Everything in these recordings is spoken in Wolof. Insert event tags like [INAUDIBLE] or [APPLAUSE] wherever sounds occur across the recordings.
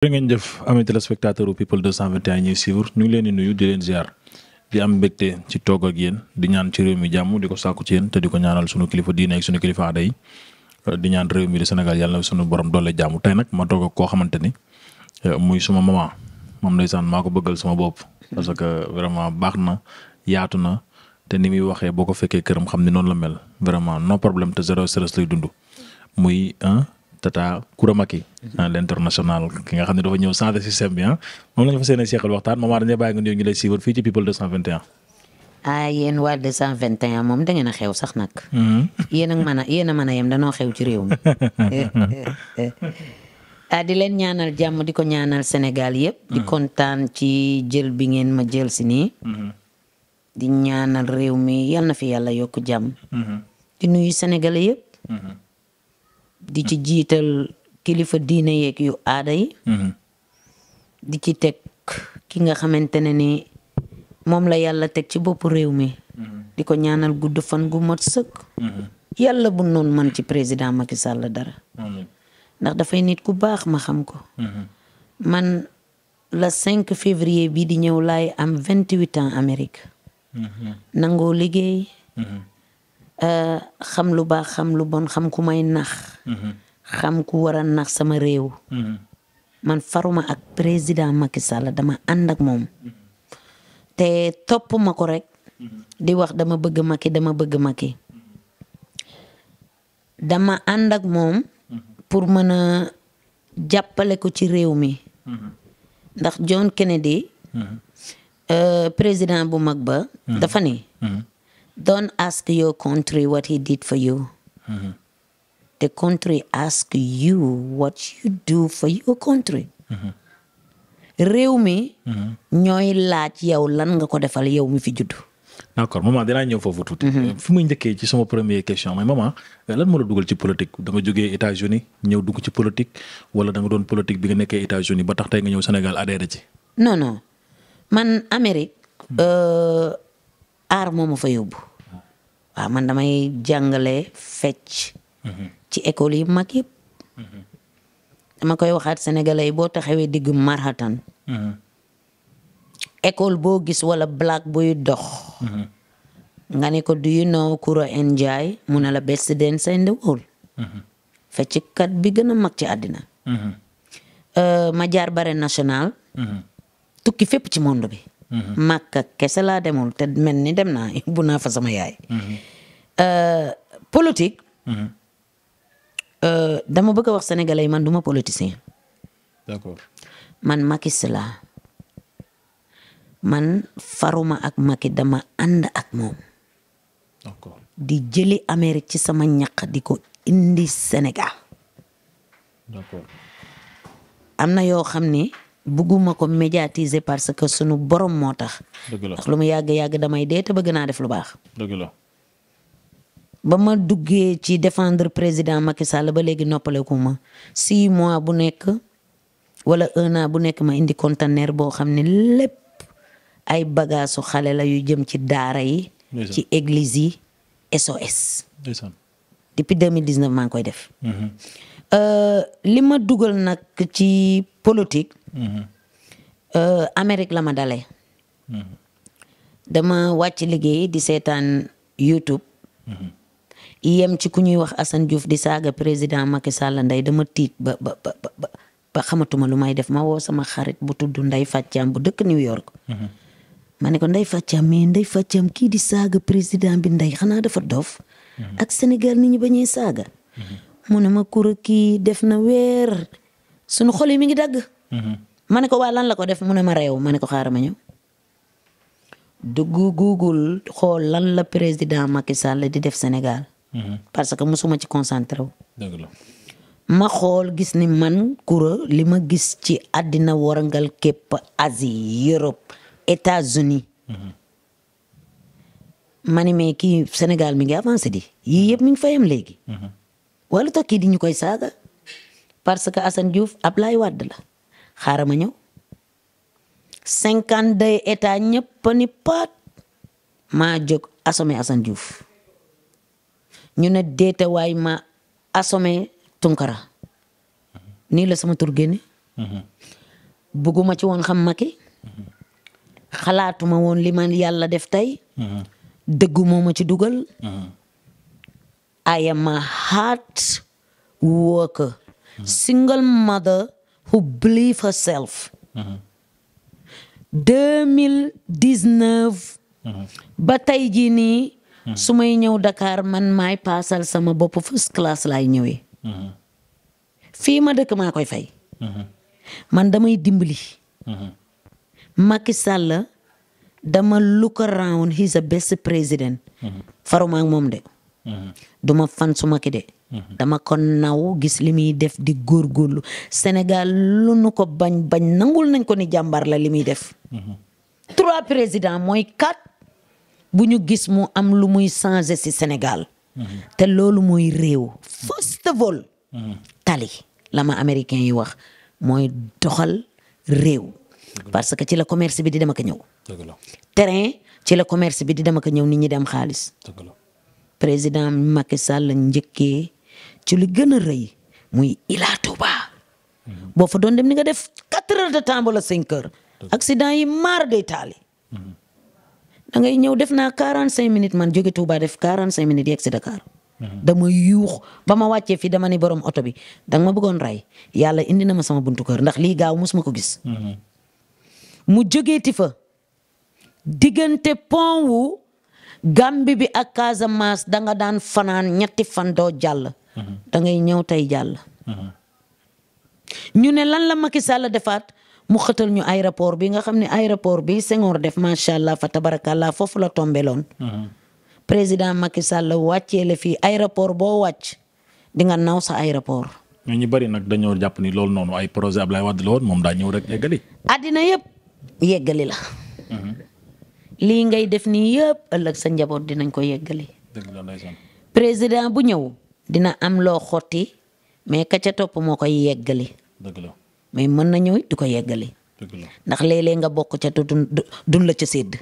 jërë ngeen jëf amee téléspectateur u people leen di nuyu di leen ziar di am mbégte ci di ñaan ci réew mi jàmm di ko sàkku ci yéen te di ko ñaanal sunu kilifa diine ak sunu kilifa aada yi euh, di ñaan réew mi di Sénégal yàlla na sunu borom doole jàmm tey nag ma toog ak koo xamante euh, muy suma maman moom ndeysaan maa ko bëggal suma bopp parce que vraiment baax na yaatu na te ni muy waxee boo ko fekkee këram xam ni noonu la mel vraiment no problème te zéro stress lay dund muy Tata Kouramaki. à l'international ki nga xam ne dafa ñëw changer système bi ah moom la ñu fas yéene seqal bàyyi nga nuyu ñu lay siiwal fii ci people 221. ah yéen waa 221 moom da ngeen a xew sax nag. Hmm. yéen a mën a yéen a mën yem danoo xew ci réew mi. [LAUGHS] ah di leen ñaanal jàmm di ko ñaanal senegal yëpp. di hmm. kontaan ci jël bi ngeen ma jël si nii. Hmm. di ñaanal réew mi yal na fi yàlla yokk jàmm. di nuyu Sénégalais yëpp. di ci jiital kilifa diine yéeg yu aada yi. Mm-hmm. di ci teg ki nga xamante ne ni moom la yàlla teg ci boppu réew mi. Mm-hmm. di ko ñaanal gudd fan gu mat sëkk. Mm-hmm. yàlla bu noonu man ci président Macky Sall dara. ndax dafay nit ku baax ma xam ko. man la 5 février bi di ñëw laay am 28 ans Amérique. nangoo liggéey. Euh, xam lu baax xam lu bon xam ku may nax. Mm-hmm. xam ku war a nax sama réew. Mm-hmm. man faruma ak président Macky Sall dama ànd ak moom. Mm-hmm. te topp ma ko rek. di wax dama bëgg Macky dama bëgg Macky. dama ànd ak moom. pour mën a jàppale ko ci réew mi. ndax John Kennedy. Euh, président bu mag ba. dafa ni. Don't ask your country what he did for you. Mm -hmm. The country ask you what you do for your country. Mm-hmm. réew mi. Mm-hmm. ñooy laaj yow lan nga ko defal yow mi fi judd. d'accord maman dinaa ñëw foofu tuuti. Mm-hmm. Euh, fi muy njëkkee ci sama premier question mooy maman euh, lan moo la dugal ci politique da nga jógee États-Unis ñëw dugg ci politique wala da doon politique bi nga nekkee États-Unis ba tax tey nga ñëw Sénégal adhéré ci. non non man Amérique. Mm. Euh, aar moo ma fa yóbbu. waaw man damay jàngale fecc. Mhm. ci école yi mag yëpp. Mhm. dama koy waxaat sénégalais yi boo taxawee digg marhatan. Mhm. école boo gis wala black buy dox. nga ne ko do you know Koura Ndiaye mu na la best dancer in the world. fecckat bi gën a mag ci àddina. Euh, ma bare national. tukki fépp ci monde bi. màkka kese laa demul te mel ni dem naa [LAUGHS] bu naa fa sama yaay. Euh, politique. Euh, dama bëgg a wax sénégalais man duma ma politicien. d'accord man Macky laa man faruma ak Macky dama ànd ak moom. di jëli Amérique ci sama ñaq di ko indi Sénégal. am na yoo xam ni. bugguma ko médiatiser parce que sunu borom moo tax. lu mu yàgg yàgg damay dee te bëgg naa def lu baax. dëgg la. ba ma duggee ci defendre président Macky Sall ba léegi noppaleku ma six mois bu nekk wala un an bu nekk ma indi conteneur boo xam ne lépp ay bagaasu xale la yu jëm ci daara yi. ci église yi SOS. depuis 2019 maa ngi koy def. Mhm. Euh, li dugal nag ci politique. Euh, Amérique la ma dale dama wàcc liggéey di seetaan YouTube. yem ci ku ñuy wax Assane Diouf di saaga président Macky Sall ndey dama tiit ba ba ba ba xamatuma lu may def ma woo sama xarit bu tudd Ndeye Fathiam bu dëkk New York. ma ne ko Ndeye Fathiam mais Ndeye Fathiam kii di saaga président bi ndey xanaa dafa dof. ak Sénégal ni ñu bañee saaga. mu ne ma kura kii def na weer sunu xol yi mi ngi dagg. Mm-hmm. ma ne ko waa lan la ko def mu ne ma réew ma ne ko xaaral ma ñëw. dugg Google xool lan la président Macky Sall di def senegal mm-hmm. parce que musuma ci concentré ma xool gis ni man kura li ma gis ci àddina warangal képp asi Europe États-Unis mm-hmm. ma ne kii senegal mi ngi avancé di yii yëpp mi ngi fayam léegi. wala tax kii di ñu koy saaga parce que Assane Diouf Ablaye Wade la. xaaral ma ñëw cinquante deux état ñëpp ni paat maa jóg assommé ñu ne déete waay ma assommé Tunkara nii la sama tur génne mhm. ci woon xam Macky mhm. xalaatuma woon lima yàlla def tey mhm. dëggu ma ci dugal I am a hard worker single mother who believe herself. deux mille dix ba tey jii nii. su may ñëw Dakar man may paasal sama bopp first class laay ñëwee. fii ma dëkk koy fay. man damay dimbali. Macky Sall dama look around he's a best president. Mhm. faruma ak moom de. Mhm. duma fan su de. Mhm. dama ko naw gis li muy def di góorgóorlu senegal lu nu ko bañ bañ nangul nañ ko ni jàmbaar la li muy def. Mhm. trois présidents mooy quatre bu ñu gis mu am lu muy changé si senegal mhm. te loolu muy réew. first of all. tali la ma américain yi wax mooy doxal réew. parce que ci la commerce bi di dem ak ñëw. terrain ci la commerce bi di dem ak ñëw ni ñi dem xaalis. président Macky Sall ci gën a rëy muy Ila Touba boo fa doon dem ni nga def quatre heures de temps wala cinq yi maar day taali da ngay ñëw def naa quarante cinq minutes man jóge Touba def quarante cinq minutes yegg si Dakar dama yuux ba ma wàccee fii dama ni borom oto bi danga ma bëggoon rey yàlla indi na ma sama buntu kër ndax li gaaw mosuma ko gis mu jógeeti fa diggante pont wu Gàmbi bi ak Casamance danga daan fanaan ñetti fan doo jàll da ngay ñëw tey jàll. ñu ne lan la Macky Sall defaat mu xëtal ñu aéroport bi nga xam ne aéroport bi Senghor def macha allah fa tabarakallah foofu la tombeloon président Macky Sall wàccee la fii aéroport boo wàcc di nga naw sa aéroport. mais ñu bari nag dañoo jàpp ni loolu noonu ay projet Ablaye Wade la woon moom daa ñëw rek yeggali. àddina yëpp yeggali la. lii ngay def nii yëpp ëllëg sa njaboot dinañ ko yeggali. dëgg bu ñëw. dina am loo xotti mais ka ca topp moo koy yeggali. dëgg mën na ñëw di ko yeggali. ndax léeg nga bokk ca te dun la ca sédd.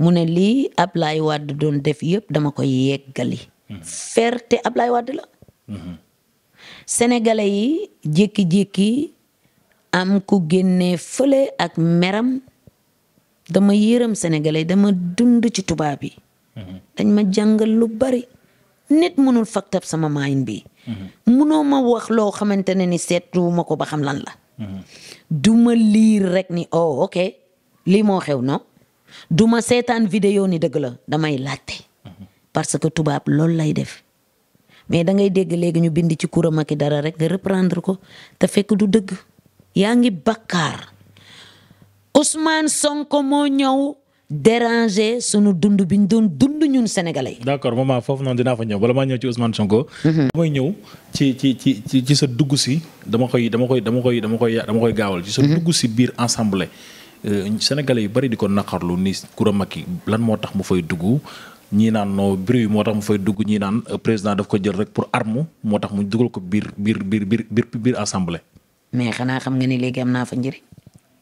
mu ne lii Ablaye wadd doon def yëpp dama koy yeggali. Mhm. ferte Ablaye Wade la. Mhm. Sénégalais yi jékki-jékki am ku génne fële ak meram dama yërëm senegale dama dund ci tubaab yi. Mhm. dañ ma jàngal lu bari. nit mënul faktab sama maayin bi mënoo mm-hmm. ma wax loo xamante ne ni seetu ma ko ba xam lan la mm-hmm. duma liir rek ni oh ok lii moo xew non duma ma seetaan vidéo ni dëgg la damay laajte mm-hmm. parce que tubaab loolu lay def mais da ngay dégg léegi ñu bind ci kuram ak dara rek nga reprendre ko te fekk du dëgg yaa ngi bakkaar Ousmane Sonko moo ñëw déranger sunu dund bi ñu doon dund ñun sénégalais. d' accord maman foofu noonu dinaa fa ñëw bala maa ñëw ci Ousmane Sonko. Mhm. damay ñëw ci ci ci ci sa dugg si dama koy dama koy dama koy dama koy dama koy gaawal. ci sa mhm. dugg si biir assemblée. Euh, sénégalais yu bari di ko naqarlu ni Coura Macky lan moo tax mu fay duggu ñii naan non bruit moo tax mu fay dugg ñii naan euh, président daf ko jël rek pour arme moo tax mu dugal ko biir biir biir biir biir assemblée. mais xanaa xam nga ni léegi am naa fa njëriñ.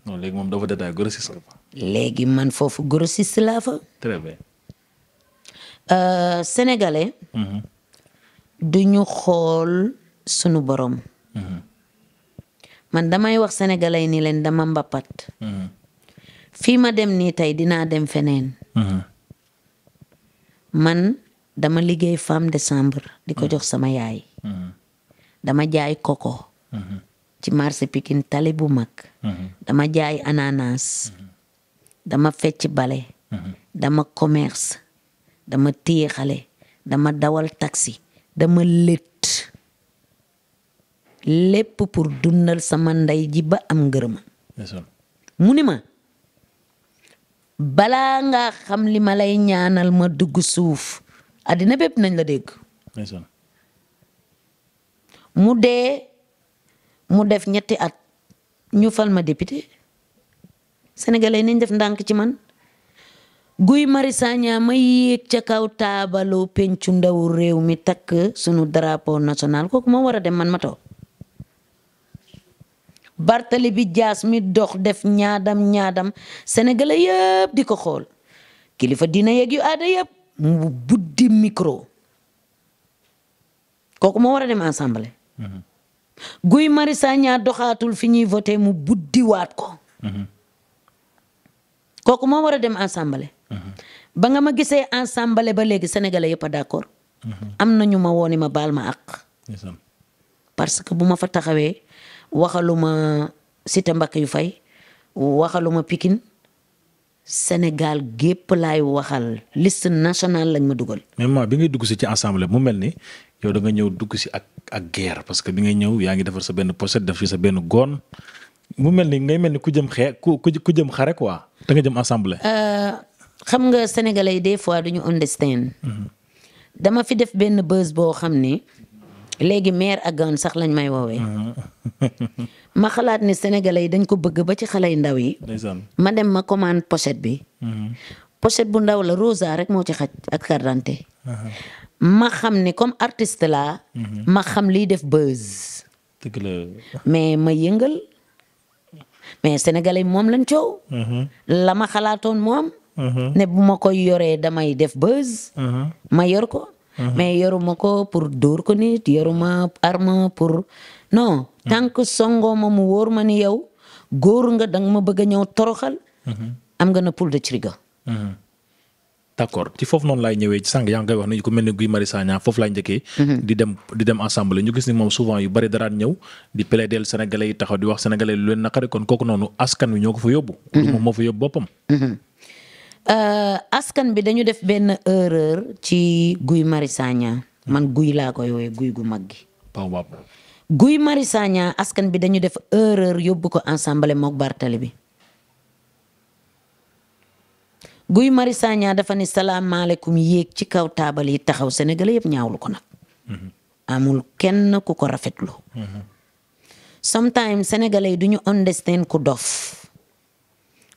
non léegi moom dafa détaillé grossiste la léegi man foofu grossiste laa fa. Euh, mhm. du ñu xool sunu borom. Mhm. man damay wax sénégalais ni leen dama mbappat. Mm fii ma dem nii tey dinaa dem feneen. Mhm. man dama liggéey femme décembre di ko jox sama yaay. dama jaay koko. ci marché tali bu mag. Mhm. dama jaay ananas. Mhm. dama fecc bale. Mhm. dama commerce. dama téye dama dawal taxi. dama lët lépp pour dundal sama ndey ji ba am ngërëma. mu ni ma balaa nga xam li ma lay ñaanal ma dugg suuf àddina bépp nañ la dégg. mu dee mu def ñetti at ñu fal ma député sénégalais def ndànk ci man Guy Marius Sagna ma yéeg ca kaw taabalu pencu ndawu réew mi takk sunu drapeau national kooku moo war a dem man ma toog bartali bi jaas mi dox def ñaadam ñaadam sénégalais yëpp di ko xool kilifa dina yeeg yu aada yëpp mu buddi micro kooku moo wara a dem assemblée. Mm-hmm. Guy Marius Sagna doxaatul fi ñuy voté mu buddiwaat ko. kooku moo war a dem assemblée. ba nga ma gisee assemblée ba léegi sénégalais yëpp a d'accord. am na ñu ma wooni ma baal ma àq. parce que bu ma fa taxawee waxaluma Cité yu fay waxaluma Pikine Sénégal gépp laay waxal liste national lañ ma dugal. mais bi ngay dugg si ci assemblée mu mel ni yow da ñëw dugg si ak. ak guerre parce que bi ngay ñëw yaa ngi defar sa benn pochette def fi sa benn goon mu mel ni ngay mel ni ku jëm xee ku ku jëm xare quoi da nga jëm assemblée. Euh, xam nga sénégalais des fois duñu understand. Mhm. dama fi def benn buzz boo xam ni léegi maire ak gan lañ may woowee. Mhm. [LAUGHS] ma xalaat ni sénégalais yi dañ ko bëgg ba ci xale yu ndaw yi. ma dem ma commande pochette bi. Mhm. pochette bu ndaw la rosa rek moo ci xaj ak carte ma xam ne comme artiste laa. Mhm. ma xam liy def buzz. mais ma yëngal mais sénégalais moom lañ co mhm. la ma xalaatoon moom. Mhm. ne bu ma koy yoree damay def buzz. ma yor ko. mais yoruma ko pour dóor ko nit yoruma arme pour non. tant que songoo ma mu wóor ma ni yow góor nga danga ma bëgg a ñëw toroxal. am nga na poul de triga. d' ci foofu noonu laay ñëwee sànq yaa ngi koy wax ne ku mel ne Guy Marius foofu laay njëkkee. Mhm. di dem di dem assemblée ñu gis ni moom souvent yu bari daraan ñëw di plaider Sénégalais yi taxaw di wax sénégalais lu leen naqari kon kooku noonu askan ko fa yóbbu. Mhm. moom moo fa yóbbu boppam. Mhm. Euh, askan bi dañu def benn erreur ci Guy Marius Sagna man guy laa koy woowee guy gu mag gi. Guy Marius Sagna askan bi dañu def erreur yóbbu ko assemblée mook Barthélemy bi. Guy Marius Sagna dafa ni salaamaaleykum yéeg ci kaw taabal yi taxaw Sénégalais yëpp ñaawlu ko nag. amul kenn ku ko rafetlu. sometimes sénégalais yi du ñu understand ku dof.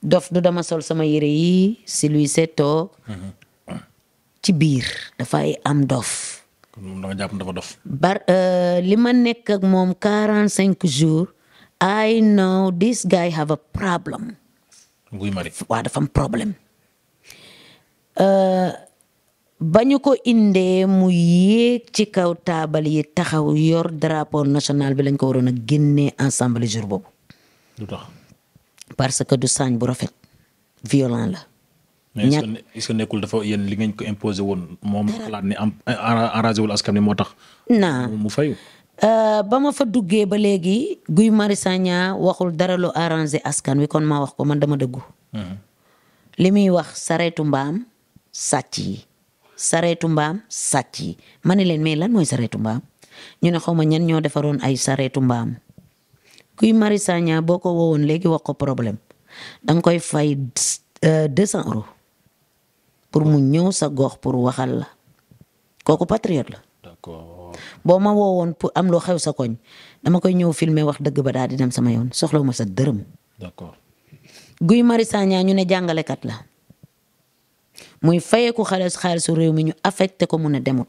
dof du dama sol sama yére yi si luy seetoo. ci biir dafay am dof. moom da euh, li ma nekk moom quarante cinq jours. I know this guy have a problem. Guy Marius waaw dafa am Euh, ba ñu ko indee mu yéeg ci kaw taabal yi taxaw yor drapeau national bi lañ ko waroon a génnee ensemble jour boobu. du tax parce que du saañ bu rafet violent la. ñàkk mais que nekkul dafa yéen li ngeen ko imposé woon moom xalaat ni am arrangé askan wi moo tax. mu fayu. Euh, ba ma fa duggee ba léegi Guy Marius Sagna waxul dara lu arrangé askan wi kon maa wax ko man dama dëggu. Mhm. li muy wax sareetu mbaam. sàcc yi sareetu mbaam sàcc yi ma ne leen mais lan mooy sareetu mbaam ñu ne ma ñan ñoo defaroon ay sareetu mbaam kuy mari sagna boo ko woowoon léegi wax ko problème danga koy fay euh, deux cent euros pour mu ñëw sa gox pour waxal la kooku patriote la d'accord boo ma woowoon pour am loo xew sa koñ dama koy ñëw filmer wax dëgg ba daal di dem sama yoon soxlawu ma sa dërëm d'accord Guy Marius Sagna ñu ne jàngalekat la muy fayeeku xaalis xaalisu réew mi ñu affecté ko mun a demut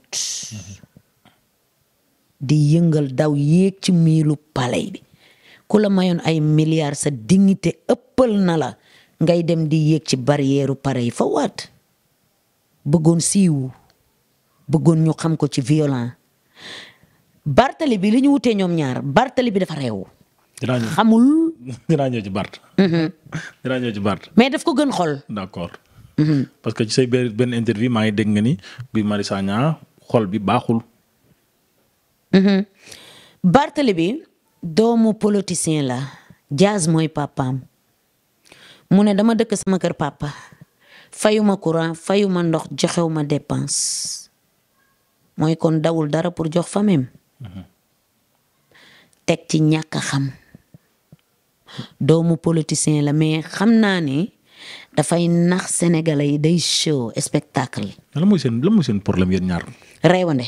di yëngal daw yéeg ci miilu palais bi ku la mayoon ay milliards sa dignité ëppal na la ngay dem di yéeg ci barrière pare yi waat bëggoon siiwu bëggoon ñu xam ko ci violent Bartali bi li wutee ñoom ñaar Bartali bi dafa reew xamul [LAUGHS] dinaa ñëw ci Bart. Mhm. mais daf ko gën xol. Mhm. parce que ci say benn interview maa ngi dégg nga ni Guy Marius Sagna xol bi baaxul. Mhm. bi doomu politicien la Diaz mooy papaam mu ne dama dëkk sama kër papa fayuma courant fayuma ndox joxewuma dépense mooy kon dawul dara pour jox famem mhm. teg ci ñàkk xam doomu politicien la mais xam naa ne dafay nax sénégalais yi day show spectacle. lan mooy seen lan mooy seen problème yéen ñaar. reewande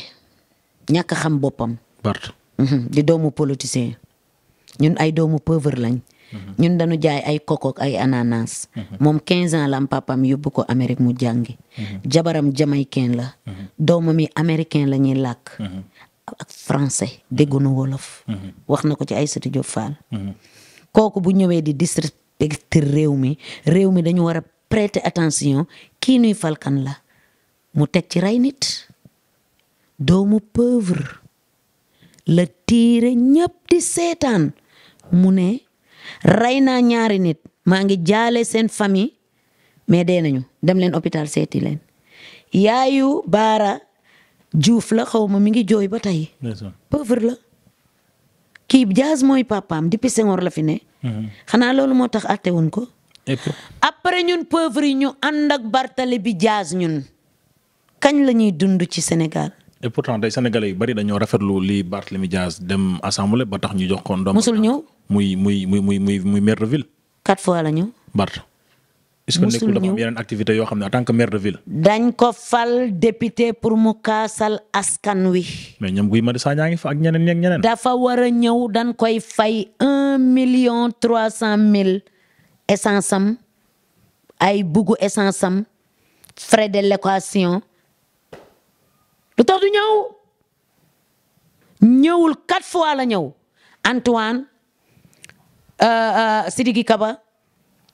ñàkk xam boppam. Bart. Mhm, di doomu politicien ñun ay doomu pauvre lañ. Mhm. ñun dañu jaay ay kokook ay ananas. Mhm. moom 15 ans lam am yóbbu ko Amérique mu jàngi. jabaram jamaïcain la. doomam yi américain la ñuy làkk. ak français dégguñu wolof. wax na ko ci Aïssatou Diop Fall. kooku bu ñëwee di district nga gis te réew mi réew mi dañu war a prêter attention kii nuy fal la mu teg ci rey nit doomu pauvre la tiire ñëpp seetaan mu ne rey naa ñaari nit maa ngi jaale seen famille mais dee nañu dem leen hôpital seeti leen yaayu baara juuf la xaw ma mi ngi jooy ba tey pauvre la kii jaas mooy papaam depuis Senghor la fi ne. Mhm. xanaa loolu moo tax àtte wuñ ko. après ñun pauvre yi ñu ànd ak Bartale bi jaas ñun kañ la ñuy dund ci Sénégal. et pourtant day sénégalais yu bari dañoo rafetlu li Barthélémy Dias dem assemblée ba tax ñu jox ko ndoom. musul ñëw muy muy muy muy muy maire de ville. quatre fois la ñëw est-ce que yoo xam ne en tant que maire de ville. dañ ko fal député pour mu kaasal askan wi. mais fa ak dafa war a ñëw dañ koy fay un million trois cent mille essence am ay buggu essence am frais de location lu tax du ñëw ñëwul quatre fois la ñëw Antoine euh, euh, Sidiki Kaba.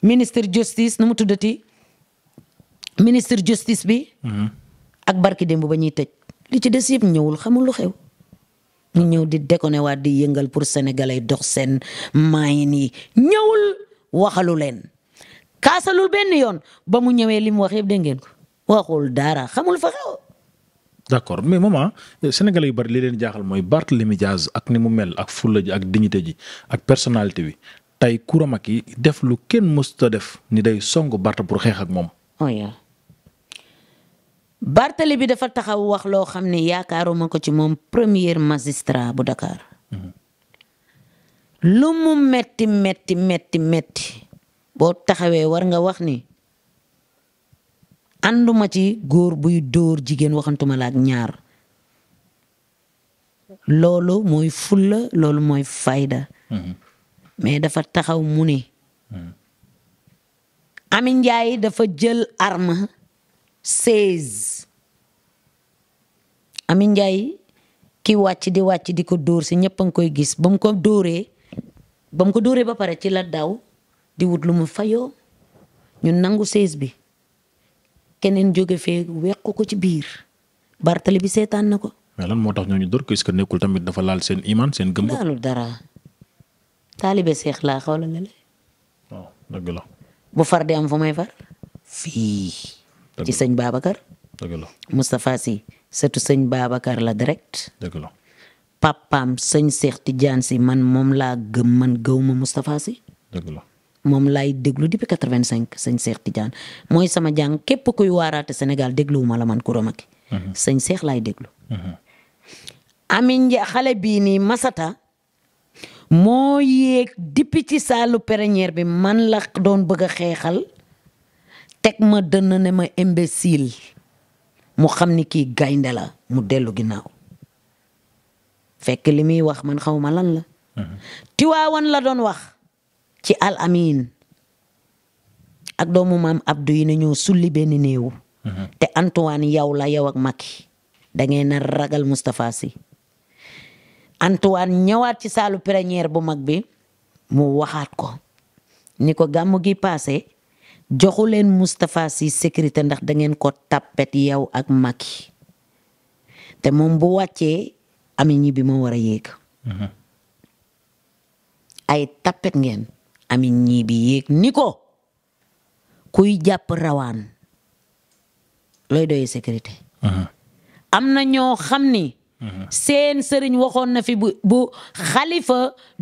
ministre justice nu mu tuddati ministre justice bi. ak barki démb ba ñuy tëj. li ci des yëpp ñëwul xamul xew. ñu ñëw di déconné waat di yëngal pour sénégalais dox seen maayin yi ñëwul waxalu leen. kaasalul benn yoon ba mu ñëwee li mu wax yëpp dégg ngeen ko waxul daara xamul fa xew. d' accord mais maman sénégalais yu bari li leen jaaxal mooy Barthélémy Dias ak ni mu mel ak fulla ji ak dignité ji ak personnalité bi tey Coura Macky def lu kenn mësta def ni day song Barth pour xeex ak moom. Oh, Barthélemy bi dafa taxaw wax loo xam ne yaakaaruma ko ci moom premier magistrat bu Dakar. Mm-hmm. lu mu metti metti metti boo taxawee war nga wax ni ànduma ci góor buy dóor jigéen waxantuma la ñaar loolu mooy fulla loolu mooy fayda. Mm-hmm. mais dafa taxaw mu ne. Ami Ndiaye dafa jël arma seize. Ami Ndiaye ki wàcc di wàcc di ko dóor si ñëpp a ngi koy gis ba ko dóoree ba ko dóoree ba pare ci la daw di wut lu mu fayoo ñu nangu seize bi keneen jóge fee wequ ko ci biir Bartali bi seetaan na ko. mais moo tax ñoo dóor ko est-ce que nekkul tamit dafa laal seen iman seen. gëm laalu dara taalibe seex laa xaw oh, la lele. waaw bu far de am fu may far. fii. ci sëñ Babacar. dëgg la Moustapha Sy sëtu sëñ Babacar la direct. dëgg la papaam sëñ Seex Tijaan si man moom laa gëm man gëwma Moustapha Sy. dëgg la moom laay déglu depuis quatre-vingt-cinq sëñ Seex Tijaan mooy sama jàng képp kuy waaraate Sénégal dégluwuma mala man Koura Macky. Mhm. sëñ Seex laay déglu. Mhm. Amin xale bii nii Masata. moo yéeg depuis ci saalu plénière bi man la doon bëgg xeexal teg ma dënna ne ma imbécile mu xam ni kii gaynde la mu dellu ginnaaw fekk li muy wax man xaw ma lan la mm-hmm. tiwaawan la doon wax ci al amin ak doomu maam Abdou yi ne ñoo sulli benn néew mm-hmm. te Antoine yow la yow ak Macky da ngeen ragal Moustapha Sy Antoine ñawaat ci saalu plénière bu mag bi mu waxaat ko ni ko gàmmu gi paase joxu leen Moustapha Sy sécurité ndax da ngeen ko tàppet yow ak Macky te moom bu wàccee ami ñibbi moo war a yéeg. Mhm. ay tàppet ngeen ami ñibbi yéeg ni ko kuy jàpp rawaan looy doyee sécurité. Mhm. am na ñoo xam ni. seen sëriñ waxoon na fi bu bu xalifa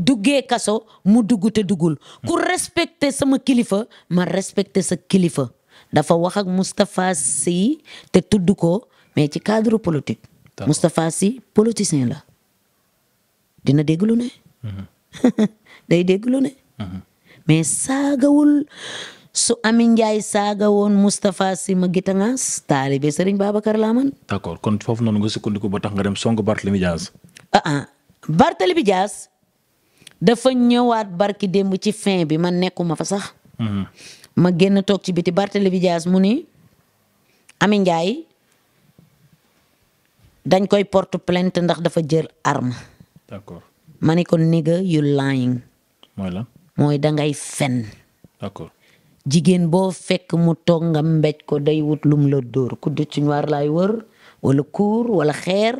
duggee kaso mu dugg te duggul ku respecté sama kilifa ma respecte sa kilifa dafa wax ak Moustapha te tudd ko mais ci cadre politique Moustapha Sy politicien la dina dégg lu mm-hmm. [LAUGHS] day dégg lu ne mm-hmm. mais saagawul su Amin Ndiaye saaga woon Moustapha si ma Gitangaas taalibe Serigne Babacar laa man. d'accord kon foofu noonu nga sukkandiku ba tax nga dem song Barthélemy Dias. ah, ah dafa ñëwaat barki démb ci fin bi man nekkuma fa sax. Mhm. ma génn toog ci biti Barthélemy Dias mu ni Amin Ndiaye dañ koy porte plainte ndax dafa jël arme. d'accord ma ni ko nigga you lying. mooy la fen. jigéen boo fekk mu toog nga mbéj ko day wut lum la dóor ku dëccu ñaar laay wër wala kuur wala xeer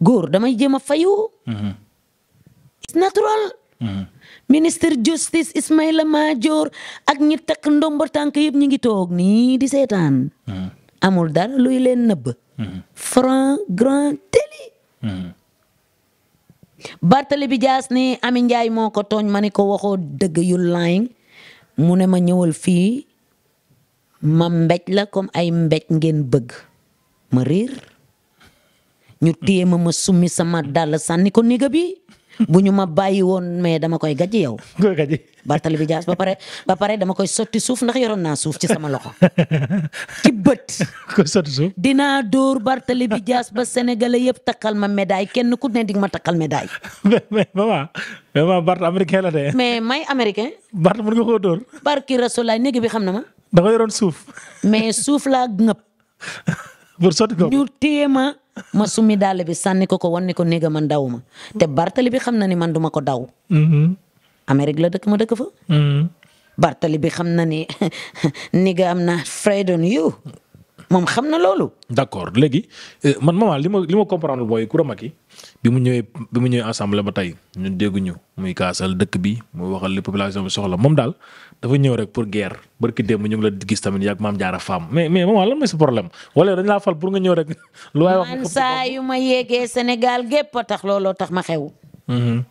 góor damay jéem a fayu. Mhm. it's natural. Mhm. ministre justice Ismaïla Madior ak ñi takk ndombo tànk yëpp ñu ngi toog nii di seetaan. Mhm. amul dara luy leen nëbb. franc grand télé. Barthélemy Dias ni Ami Ndiaye moo ko tooñ ma ko waxoo dëgg yu lying mu ne ma ñëwal fii ma mbéj la comme ay mbéj ngeen bëgg ma riir ñu téye ma ma summi sama dàll sànni ko néega bi [LAUGHS] bu ñu ma bàyyi woon mais dama koy gàjj yow. [LAUGHS] koy gàjj Barthélémy Dias ba pare ba pare dama koy sotti suuf ndax yoroon naa suuf ci sama loxo [LAUGHS] ci bët. koy sotti suuf dinaa dóor Barthélémy Dias ba Sénégalais yëpp takkal ma médaille kenn ku ne di ma takkal médaille. mais mais maman maman Bart américain mais may américain. Bart mën nga koo dóor. barki Rasulaay néeg bi xam na ma. da nga yoroon suuf. mais suuf laa ngëp. pour sotti ko ñu téye ma summi dàll bi sànni ko ko wan ne ko néega man daw ma te Bartali bi xam na ni man duma ko daw. Mm-hmm. Amérique la dëkk ma dëkk fa. Mm-hmm. Bartali bi xam na ni [LAUGHS] néega am na afraid on you moom xam na loolu. d'accord léegi eh, man maman li ma li ma comprendre booy Kouramaki bi mu ñëwee bi mu ñëwee ensemble ba tey ñun dégguñu muy kaasal dëkk bi muy waxal li population bi soxla moom daal. dafa ñëw rek pour guerre barki démb ñu la gis tamit yàgg maam jaara faam mais mais maman lan mooy sa problème wala dañ laa fal pour nga ñëw rek. [LAUGHS] lu waay wax man saa yu ma yéegee Sénégal gépp a tax looloo tax ma xew. Mm-hmm.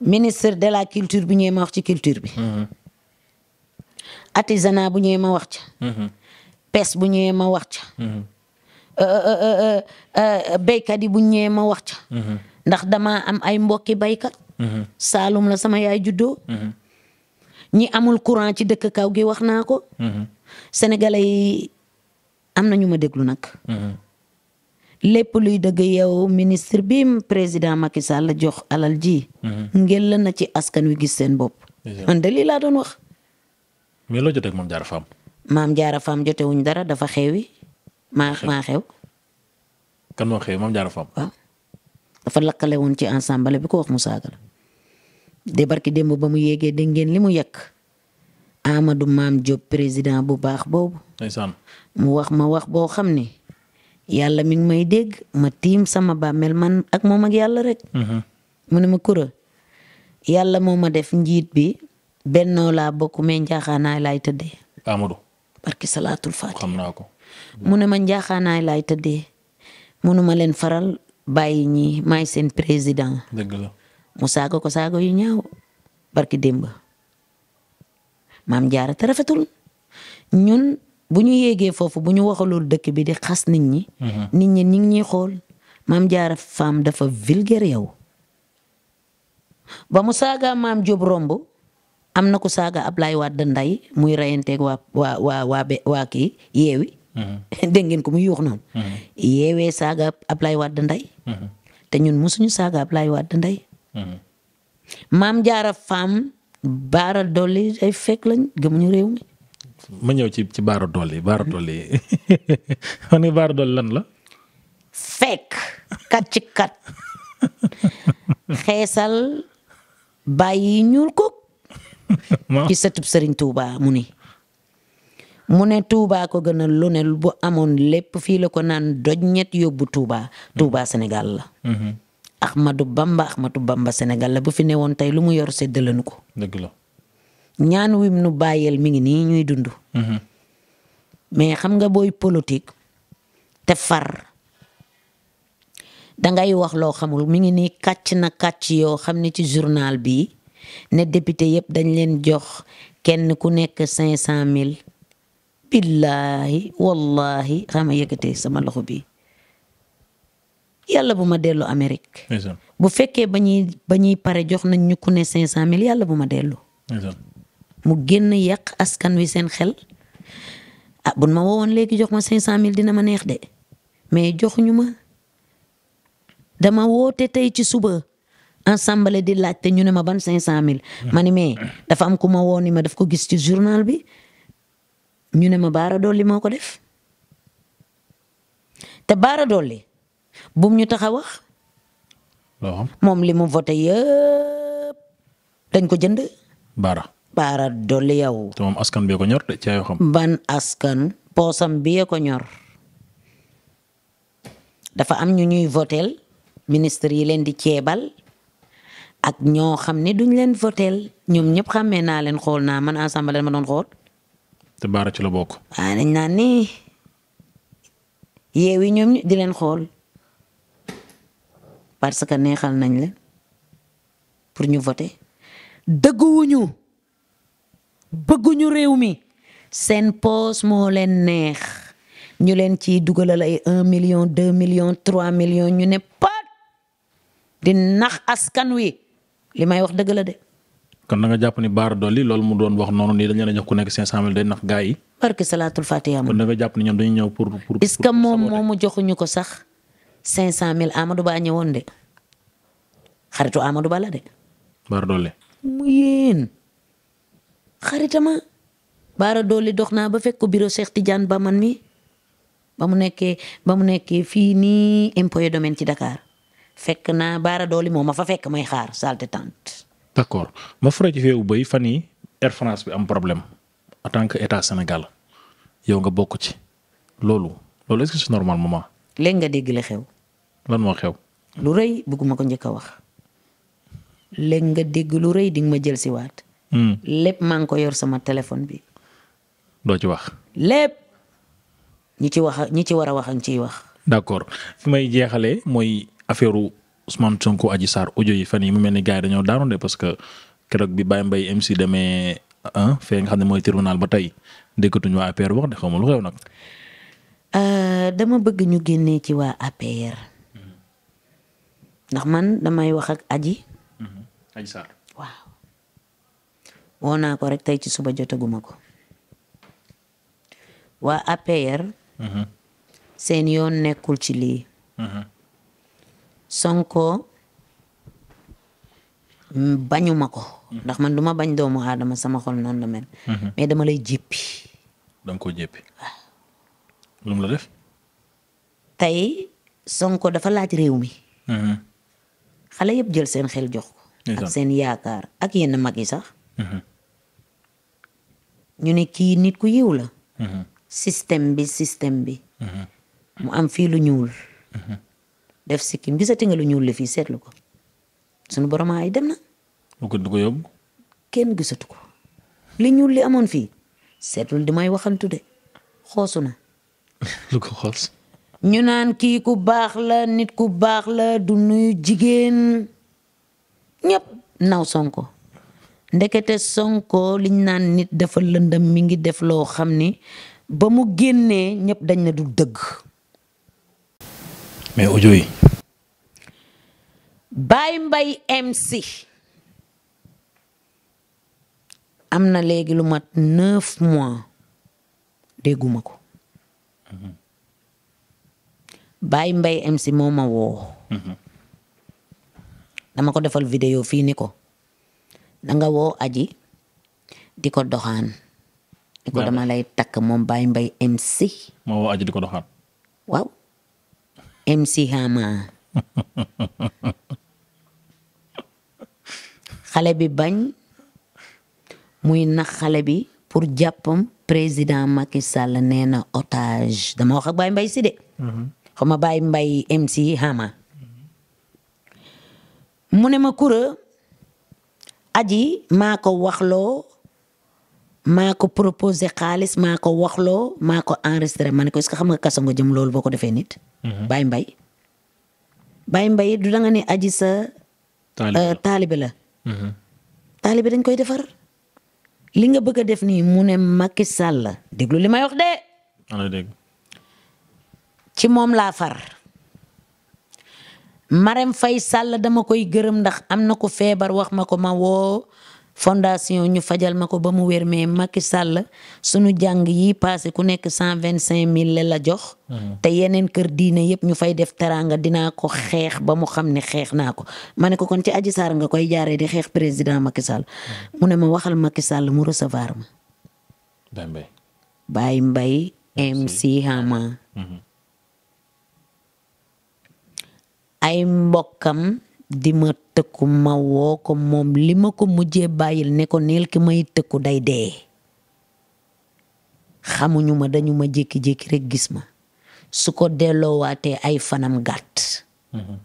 ministre de la culture bu ñëwee ma wax ci culture bi. Mm-hmm. artisanat bu ñëwee ma wax ca. Mm-hmm. pes bu ñëwee ma wax ca. Euh, euh, euh, béykat yi bu ñëwee ma wax ca. ndax dama am ay mbokki béykat. Saalum la sama yaay juddoo. ñi amul courant ci dëkk kaw gi wax naa ko. sénégalais yi am na ñu ma déglu nag. lépp luy dëgg yow ministre bi président Macky Sall jox alal ji. ngel na ci askan wi gis seen bopp. man de laa doon wax. mais loo jotee ak maam Diarra Fam. maam Diarra Fam jotewuñ dara dafa xewi. maa maa xew. kan moo xew maam Diarra Fam. waaw. dafa lakkale woon ci ensemble bi ko wax mu saaga la débarki démb ba mu yéegee dégg li mu yekk Amadou Maam Diop président bu baax boobu. mu wax ma wax boo xam ni yàlla mi ngi may dégg ma tiim sama bàmmeel man ak moom ak yàlla rek. Mhm. mu ne ma kura yàlla moo ma def njiit bi bennoo laa bokk mais njaaxaanaay laay tëddee. Amadou. barki salaatul faatiha. xam naa ko. mu ne ma njaaxaanaay laay tëddee. leen faral bàyyi ñi maay seen président. mu saaga ko saaga yu ñaaw barki démb maam jaara te rafetul ñun bu ñu yéegee foofu bu ñu waxalul dëkk bi di xas nit ñi. Mhm. nit ñi ñu ngi ñuy xool maam jaara femme dafa vulgaire yow. ba mu saaga mam Diop romb am na ku saaga Ablaye Wade nday muy reyanteeg waa waa waa waa be waa kii yeewi. Mhm. [LAUGHS] dégg ngeen ko muy yuux noonu. Mhm. yeewee saaga Ablaye Wade te ñun mosuñu saaga Ablaye Wade ndey. maam jaara faam baara dolli ay fekk lañ gëmuñu réew mi. ma ñëw ci ci dolli [LAUGHS] baara dolli lan la. fekk kat ci kat xeesal bàyyi ñuul ko. [LAUGHS] ci sëtub Serigne Touba mu ni mu ne tuubaa ko gënal lu ne bu amoon lépp fii la ko naan doj ñett yóbbu Touba. Touba senegal la. Mhm. Ahmadou Bamba matu Bamba Sénégal la bu fi newoon tey lu mu yor séddalanu ko. dëgg la ñaan wim nu bàyyil mi ngi nii ñuy dund. Mhm. mais xam nga booy politik te far. dangay wax loo xamul mi ngi nii kàcc na kàcc yoo xam ne ci journal bii ne député yëpp dañ leen jox kenn ku nekk cinq cent mille billaahi wallaahi xama yëkkatee sama loxo bi yàlla bu ma dellu Amérique. bu fekkee ba ñuy ba pare jox nañ ñu ku ne 500000 yàlla bu ma dellu. mu génn yàq askan wi seen xel ah buñ ma woowoon léegi jox ma 500000 dina ma neex de mais joxuñu ma dama woote tey ci suba. ensemble di laaj laajte ñu ne ma ban 500000. ma ni mais dafa am ku ma woo ni ma daf ko gis ci journal bi. ñu ne ma baara li moo ko def te baara dolli bum ñu tax a wax. moom li mu voté yëpp dañ ko jënd. baara baara dolli yow. te moom askan bee ko ñor de ci xam. ban askan poosam bi ko ñor dafa am ñu ñuy votel ministre yi leen di ceebal ak ñoo xam ne duñ leen votel ñoom ñëpp xàmmee naa leen xool naa man assemblée ma doon xool. te baara ci la bokk. waaw dañ naan ni yeew yi ñoom ñu di leen xool parce que neexal nañ leen pour ñu voter réew mi seen pos moo leen neex ñu leen ci dugalal ay un million deux million trois million ñu ne pat di nax askan wi li may wax dëgg de kon na nga jàpp ni baara dolli loolu mu doon wax noonu nii dañ leen a jox ku nekk 500000 day nax gaa yi. barke salaatul fatiha kon da nga jàpp ni ñoom dañuy ñëw pour pour. est-ce que moom moomu joxuñu ko sax 500000 Amadou Ba ñëwoon de xaritu Amadou Ba la de. baara dolli. mu yéen xaritama baara dolli dox naa ba fekk ko bureau Cheikh Tidiane Ba man mi ba mu nekkee ba mu nekkee fii nii impôt domaine ci dakaar fekk naa baara dolli moo ma fa fekk may xaar salte d' accord ma fure ci feewu bay fan yi Air France bi am problème en tant que état Sénégal yow nga bokk ci loolu loolu est ce que c'est normal nga dégg la xew. lan moo xew. lu rëy bëgguma ko njëkk wax léegi nga dégg lu rëy di ma jël si waat. Hmm. lépp maa ngi ko yor sama téléphone bi. doo ci wax. lépp ñi ci wax ñi ci war a wax ak ciy wax. d' accord fi may jeexale mooy affaire Ousmane Sonko Adji Sarr audio yi fan yi mu mel ni gars yi dañoo daanu de parce que keroog bi Baye Mbaye MC demee ah fee nga xam ne mooy tribunal ba tey déggatuñu waa APR wax de xamul euh, dama bëgg ñu génnee ci waa man damay wax ak Adji. Mm-hmm. Adji waaw. naa ko rek tey ci suba jotaguma ko. waa APR. Mm-hmm. seen yoon nekkul ci lii. Mm-hmm. Sonko mm, bañuma ko. Mhm. ndax man du ma bañ doomu aadama sama xol noonu la mel. Mhm. dama lay jéppi. da nga koo jéppi. waaw. tey Sonko dafa laaj réew mi. Mhm. xale yëpp jël seen xel jox ko. ak seen yaakaar ak yenn mag yi sax. ñu ni kii nit ku yiw la. système bi système bi. mu am fii lu ñuul. def sikkim gisati nga lu ñuul la fii seetlu ko sunu boromaa yi dem na. lu ko du ko yóbbu. kenn gisatu ko li ñuul li amoon fii seetul di may waxantu de xoosu na. [LAUGHS] lu ko xoos. ñu naan kii ku baax la nit ku baax la du nuyu jigéen ñëpp naw sonko ndekete sonko liñ naan nit dafa lëndëm mi ngi def loo xam ni ba mu génnee ñëpp dañ na du dëgg. mais audio yi. Baye Mbaye am na léegi lu mat neuf mois dégguma ko mm mbay Baye Mbaye moo ma woo. dama ko defal vidéo fii ni ko danga woo aji di ko doxaan. di ko dama lay takk moom Baye Mbaye MC. moo woo aji di ko doxaan. waaw. MC Hamma xale bi bañ muy nax xale bi pour jàppam président Macky Sall nee na otage dama wax ak Baye si de. Mhm. xam nga Baye Mbaye MC Hamma mu ne ma kura aji maa ko waxloo maa ko proposé xaalis maa ko waxloo maa ko enregistré ma ne ko est-ce que jëm loolu boo defee nit. Mhm. Baye Mbaye. Baye Mbaye du da nga ne aji sa. taalibe la euh, taalibe mhm. dañ koy defar. li nga bëgg a def nii mu ne maki Sall la déglu li may wax de. ci moom laa far. Marème fay Sall dama koy gërëm ndax am na ko feebar wax ma ko ma woo. fondation ñu fajal ma ko ba mu wér mais Macky Sall sunu jàng yi passé ku nekk cent vingt cinq mille la jox. Mm-hmm. te yeneen kër diina yëpp ñu fay def teraanga dinaa ko xeex ba mu xam ne xeex naa ko ma ne ko kon ci aji Sarr nga koy jaaree di xeex président Macky Sall. Mm-hmm. mu ne ma waxal Macky sàll mu recevoir ma. Baye Mbaye MC Hama. Mm-hmm. ay mbokkam. di ma tëkku ma woo ko moom li ma ko mujjee bàyyil ne ko neel ki may tëkku day dee xamuñu ma dañu ma jékki-jékki rek gis ma su ko delloowaatee ay fanam gàtt. Mhm.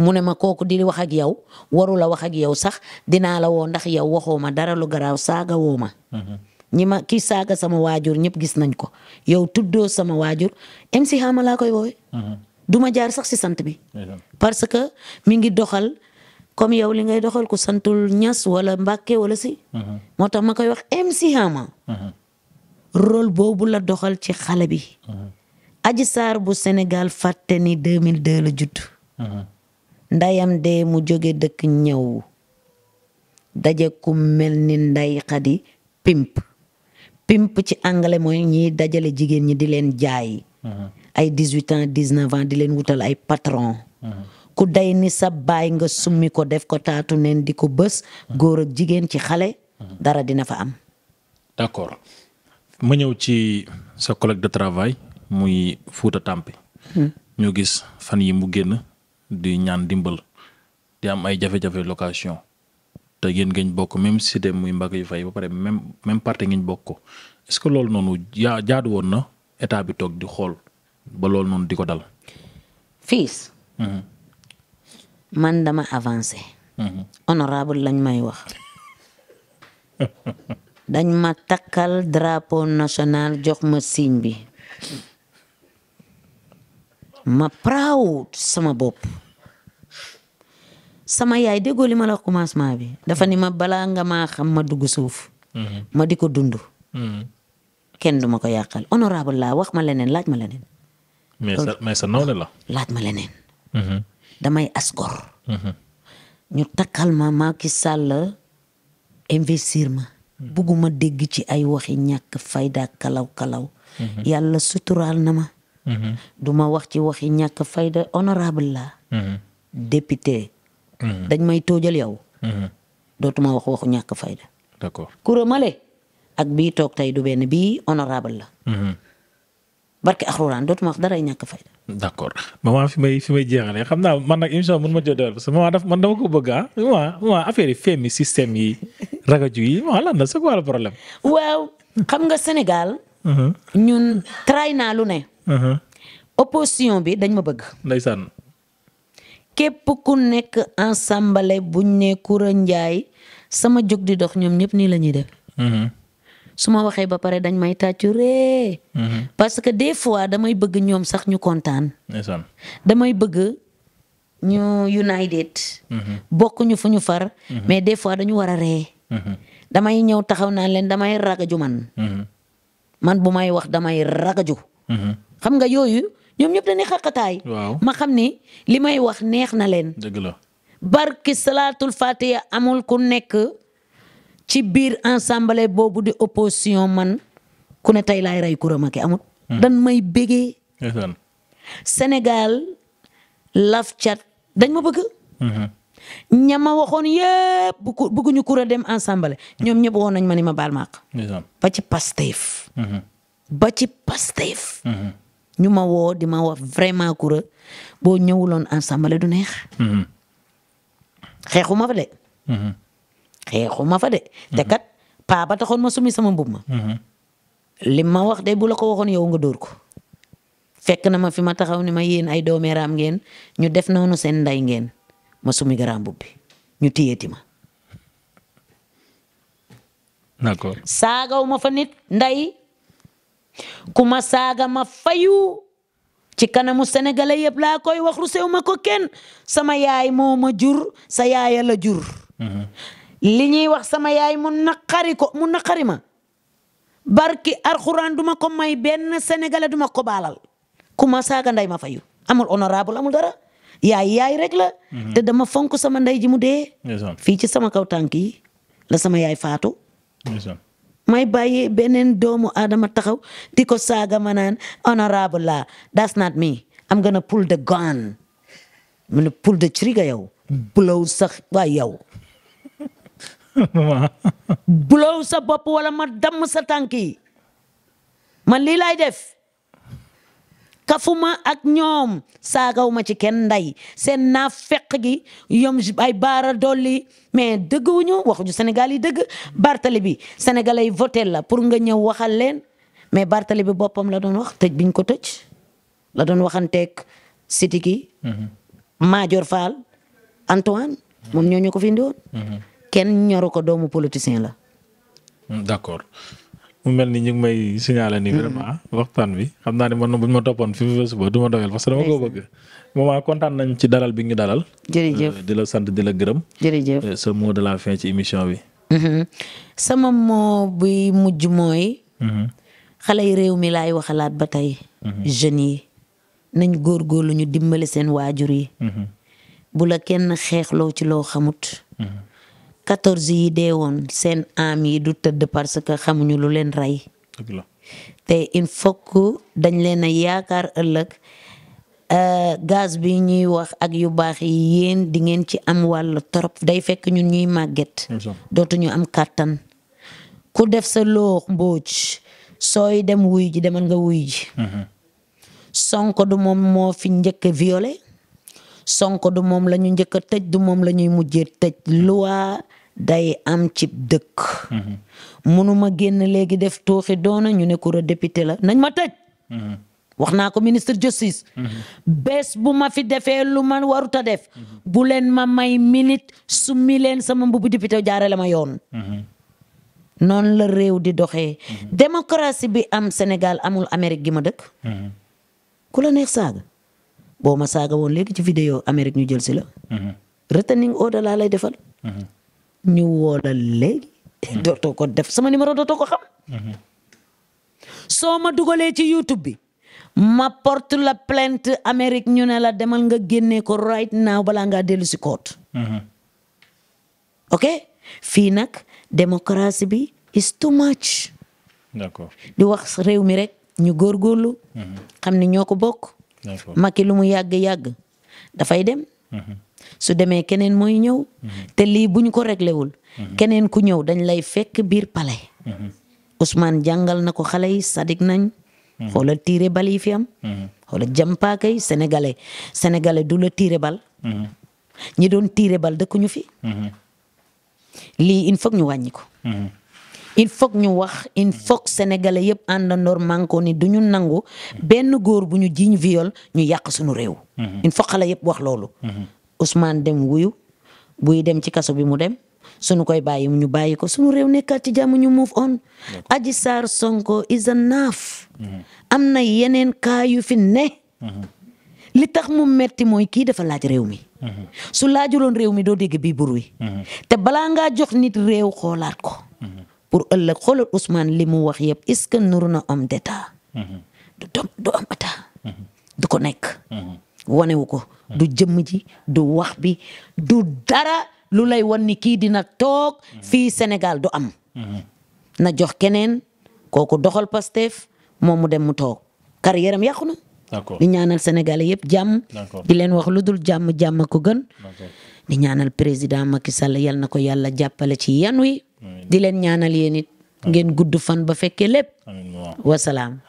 mu ne ma kooku di waxak ak yow warula waxak ak yow sax dinaa la woo ndax yow waxoo ma dara lu garaaw saaga woo ma. Mhm. ñi ma ki saaga sama waajur ñépp gis nañ ko yow tuddoo sama waajur MC Xama laa koy woowee. Mhm. du ma jaar sax ci sant bi. parce que mi ngi doxal comme yow li ngay doxal ku santul ñas wala mbàkke wala si. moo tax ma koy wax MC Hama. rôle boobu la doxal ci xale bi. aji saar bu senegal fàtte ni 2002 la judd. ndayam de mu jóge dëkk ñëw daje ku mel ni nday xadi pimp pimp ci anglais mooy ñiy dajale jigéen ñi di leen jaay. ay 18 ans 19 ans di leen wutal ay patron ku day ni sa baay nga summi ko def ko taatu neen di ko bës góor ak jigéen ci xale dara dina fa am d'accord ma ñëw ci sa collègue de travail muy Fouta Tampi ñoo gis fan yi mu génn di ñaan dimbal di am ay jafe-jafe location te yéen ngeen bokk même si dem muy mbagg yu fay ba pare même même parti ngeen bokk ko est que loolu noonu jaa jaadu woon na état bi toog di xool ba loolu noonu di ko dal. fiis mhm. man dama avancé. Mhm. honorable lañ may wax. [LAUGHS] dañ ma takkal drapeau national jox ma signe bi. ma proud sama bopp. sama yaay déggoo li ma la commencement bi dafa ni ma balaa nga maa xam ma dugg suuf. Mhm. ma di ko dund. kenn du ma ko yàqal honorable laa wax ma leneen laaj ma leneen. mais sa mais la. laaj ma leneen. Mm-hmm. damay asgor. Mm-hmm. ñu takkal ma Macky Sall investir ma. Mm-hmm. bugguma dégg ci ay waxi ñàkk fayda kalaw kalaw. yàlla suturaal na ma. duma wax ci waxi ñàkk fayda honorable la député. dañ may toojal yow. dootuma wax waxu ñàkk fayda. d'accord kuréel ak bii toog tey du benn bii honorable la. barke ak Alxuraan dootuma wax dara ñàkk fayda d' accord maman fi may fi may jeexalee xam naa man nag émission bi mën ma jëndal parce que ma daf man dama ko bëgg ah maman maman affaire yi femme yi système yi ragaju xam nga Sénégal. Uh-huh. tray naa lu ne. Uh-huh. opposition bi dañ ma bëgg. ndeysaan. képp ku nekk ensemble bu ne Koura Ndiaye sama jóg di dox ñoom ñëpp nii la ñuy def. Uh-huh. su ma waxee ba pare dañ may tàccu ree mm-hmm. parce que des fois damay bëgg ñoom sax ñu kontaan. damay bëgg ñu united. Mm-hmm. bokk ñu fu ñu far. Mm-hmm. mais des fois dañu war a ree. damay ñëw taxaw naan leen damay ragaju man. man bu may wax damay ragaju. xam nga yooyu ñoom ñëpp dañuy xaqataay. waaw ma xam ni li may wax neex na leen. barki salaatul fatiha amul ku nekk. ci biir ensemble boobu di opposition man ku ne tey laay rey ma Macky amut. Hmm. dan may bégee. Sénégal laf cat dañ ma bëgg. Hmm. ñama ma waxoon yëpp bëgguñu Coura dem ensemble ñoom ñëpp woon nañ ma ni ma baal maaq ba ci Pastef. Hmm. ba ñu ma woo di ma wax vraiment Coura boo ñëwuloon ensemble du neex. xeexu ma fa de. xeexu ma fa de. te kat paa ba taxoon ma sumi sama mbub ma. lim ma wax de bu la ko waxoon yow nga dóor ko. fekk na ma fi ma taxaw ni ma yéen ay doomeeraam ngeen ñu def noonu seen nday ngeen ma sumi garaam mbub bi ñu téyeeti ma. d'accord saagaw fa nit nday ku ma saaga ma fayu. ci kanamu sénégalais yëpp laa koy wax sew ma ko kenn sama yaay moo ma jur sa yaaya la jur. Mhm. li ñuy wax sama yaay mu naqari ko mu naqari ma barki alxuraan duma ko may benn sénégalais duma ko balal ku ma saaga nday ma fayu amul honorable amul dara yaay yaay rek la. Mhm. te dama fonk sama nday ji mu dee. fii ci sama kaw tànk yi la sama yaay faatu. may bàyyi beneen doomu Adama taxaw di ko saaga ma naan honorable la that's not me I'm gonna pull the gun. I'm gonna pull the trigger yow. Mm. blow sax waay yow. [LAUGHS] bulow sa bopp wala ma damm sa tànk yi man lii laay def kafuma ak ñoom saagaw ma ci kenn nday seen naa feq gi yom ay baara dolli mais dëgg wuñu wax ju Sénégal yi dëgg Bartali bi Sénégalais yi voté la pour nga ñëw waxal leen mais Bartali bi boppam la doon wax tëj biñ ko tëj la doon waxanteeg Sidiki mhm. Madior Fall Antoine moom ñoo ko fi indi kenn ñoru ko doomu politicien la. Hmm, d'accord mu mel ni ñu ngi may signaler ni hmm. waxtaan bi xam naa ne man bu ñu ma toppoon fi fi suba du ma doyal parce que dama ko bëgg. maman kontaan nañ ci dalal bi ñu dalal. jërëjëf euh, di la sant di la gërëm. jërëjëf sa euh, moo de la fin ci bi. Mm-hmm. sama mot mujj mooy. Mm-hmm. xale yi réew mi laay waxalaat ba tey. Mm-hmm. jeunes yi nañ góorgóorlu ñu dimbali seen waajur yi. bu la kenn xeexloo ci loo xamut. quatorze yi dee woon seen am yi du tëdd parce que xamuñu lu leen rey te il faut dañ leen a yaakaar ëllëg euh, gaz bi ñuy wax ak yu baax yi yéen di ngeen ci am wàll torop day fekk ñun ñuy màgget dootuñu am kàttan ku def sa loo mbooj sooy dem wuy ji demal nga wuy ji mhm. Sonko du moom moo fi njëkk violé Sonko du moom la ñu njëkk tëj du moom la mujjee tëj loi day am cib dëkk. Mhm. mënuma génn léegi def tooxi doona ñu ne kura député la nañ ma tëj. Mhm. wax naa ko ministre justice. Mhm. bés bu ma fi defee lu ma warut def. bu leen ma may minit summi leen sama mbubu député jaarale ma yoon. noon la réew di doxee. démocratie bi am Sénégal amul Amérique gi ma dëkk. ku la neex saaga. boo ma saaga woon léegi ci vidéo Amérique ñu jël si la. returning order laa lay defal. ñu woola léegi mm-hmm. dootoo ko def sama numéro dootoo ko xam mm-hmm. soo ma dugalee ci YouTube bi ma porte la plainte Amérique ñu ne la demal nga génne ko right now balaa ngaa dellusi si court mm-hmm. ok fii nag démocratie bi is too much d'accord di wax réew mi rek ñu góorgóorlu xam ne ñoo ko bokk Macky lu mu yàgg-yàgg dafay dem su demee keneen mooy ñëw. Mhm. te lii bu ñu ko réglé wul. Mhm. keneen ku ñëw dañ lay fekk biir pale mhm. Ousmane jàngal na ko xale yi sadik nañ. xoolal tiire bal yi fi am. xoolal jàmpaaka yi sénégalais sénégalais du la tiire bal. ñi doon tiire bal dëkkuñu fi. lii il faut ñu wàññi ko. ñu wax il faut sénégalais yëpp àndandoor mànkoo ni du ñu nangu benn góor bu ñu jiiñ viol ñu yàq sunu réew. il faut xale yëpp wax loolu. Ousmane dem wuyu buy dem ci kaso bi mu dem suñu koy bàyyi ñu bàyyi ko suñu réew nekkaat ci jàmm ñu move on. Adji Sarr Sonko is enough. Mhm. am na yeneen kaa yu fi ne. Mhm. li tax mu metti mooy kii dafa laaj réew mi. Mhm. su laajuloon réew mi doo dégg bii bruit. te balaa nga jox nit réew xoolaat ko. pour ëllëg xoolal Ousmane li mu wax yëpp est-ce nuru na homme d'état. du do du am état. du ko nekk. wanewu ko du jëmm ji du wax bi du dara lu lay wan ni kii dina toog fii senegal du am mhm. na jox keneen kooku doxal Pastef moom mu dem mu toog carrière am yàqu na di ñaanal Sénégalais yëpp jàmm di leen wax lu dul jàmm jàmm ko gën di ñaanal président Macky Sall yal na ko yàlla jàppale ci yan wi di leen ñaanal yéen it ngeen gudd fan ba fekkee lépp wasalaam